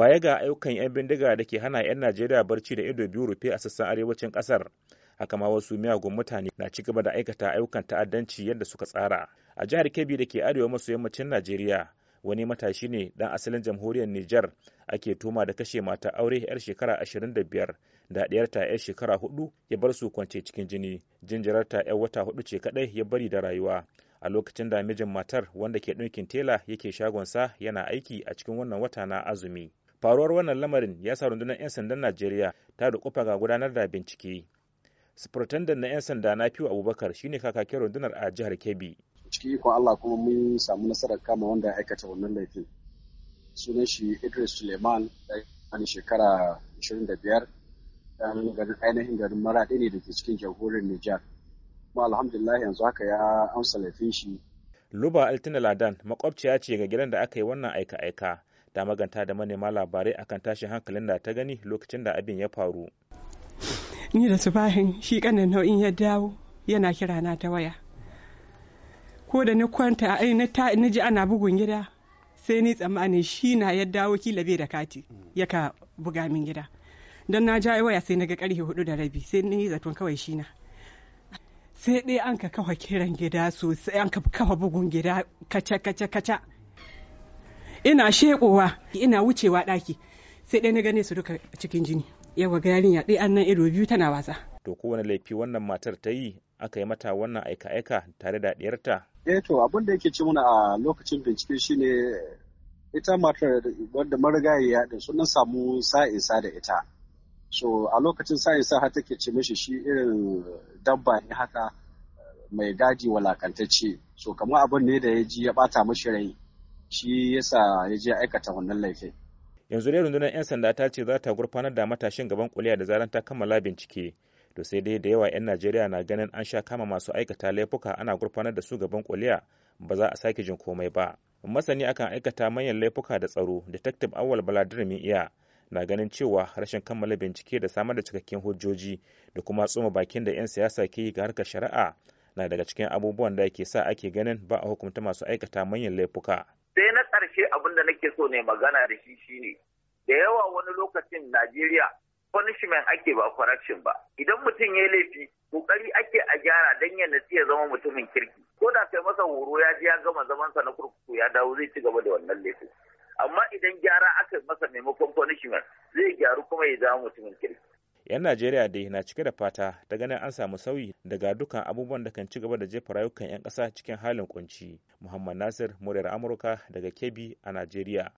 baya ga ayyukan 'yan bindiga da ke hana 'yan najeriya barci da ido biyu rufe a sassan arewacin kasar haka ma wasu miyagun mutane na ci gaba da aikata ayyukan ta'addanci yadda suka tsara a jihar kebbi da ke arewa maso yammacin najeriya wani matashi ne dan asalin jamhuriyar niger ake tuma da kashe mata aure 'yar shekara ashirin da biyar ɗiyarta 'yar shekara hudu ya bar su kwance cikin jini jinjirarta 'yar wata hudu ce kadai ya bari da rayuwa a lokacin da mijin matar wanda ke ɗinkin tela yake shagonsa yana aiki a cikin wannan wata na azumi faruwar wannan lamarin ya sa rundunar 'yan sandan najeriya ta dukufa ga gudanar da bincike superintendent na 'yan sanda na fiwa abubakar shine kakakin rundunar a jihar kebbi ciki ko allah kuma mun samu nasarar kama wanda ya aikata wannan laifin sunan shi idris suleiman ɗan shekara 25 ɗan garin ainihin garin maraɗi ne da ke cikin jamhuriyar nijar kuma alhamdulillah yanzu haka ya amsa laifin shi luba altina ladan makwabciya ce ga gidan da aka yi wannan aika-aika ta maganta da manema labarai akan tashin hankalin da ta gani lokacin da abin ya faru ni da bahin shi kanin nau'in ya dawo yana kira na ta waya ko da ni kwanta ai na ji ana bugun gida sai ni tsammani shi na ya dawo kila bai da kati ya ka buga min gida don na ja waya sai na ga karfe hudu da rabi sai ni zaton kawai shi na sai dai an ka kafa kiran gida sosai an ka kafa bugun gida kaca kaca kaca ina shekowa ina wucewa ɗaki sai ɗaya na gane su duka cikin jini yawa ga ya ɗaya an ido biyu tana wasa. to kowane laifi wannan matar ta yi aka yi mata wannan aika-aika tare da ɗiyarta. eh to abin da yake ci muna a lokacin bincike shine ita matar ya ya da sunan samu sa'isa da ita so a lokacin sa'isa har take ce mishi shi irin dabba ne haka mai gadi walakantacce so kamar abin ne da ya ji ya bata mashi rai shi yasa ya je aikata wannan laifin yanzu dai rundunar 'yan sanda ta ce za ta gurfanar da matashin gaban kuliya da zaran ta kammala bincike to sai dai da yawa 'yan najeriya na ganin an sha kama masu aikata laifuka ana gurfanar da su gaban kuliya ba za a sake jin komai ba masani akan aikata manyan laifuka da tsaro detective awal baladir iya na ganin cewa rashin kammala bincike da samar da cikakken hujjoji da kuma tsoma bakin da 'yan siyasa ke yi ga harkar shari'a na daga cikin abubuwan da ke sa ake ganin ba a hukunta masu aikata manyan laifuka ƙarshe abin da nake so ne magana da shi shine da yawa wani lokacin Najeriya punishment ake ba corruption ba idan mutum ya laifi kokari ake a gyara dan ya nasi ya zama mutumin kirki ko da kai masa horo ya ji ya gama zamansa na kurkuku ya dawo zai ci gaba da wannan laifin amma idan gyara aka masa maimakon punishment zai gyaru kuma ya zama mutumin kirki 'yan najeriya dai na cike da fata ta ganin an samu sauyi daga dukkan abubuwan da kan ci gaba da jefa rayukan 'yan ƙasa cikin halin kunci muhammad nasir muryar amurka daga kebbi a najeriya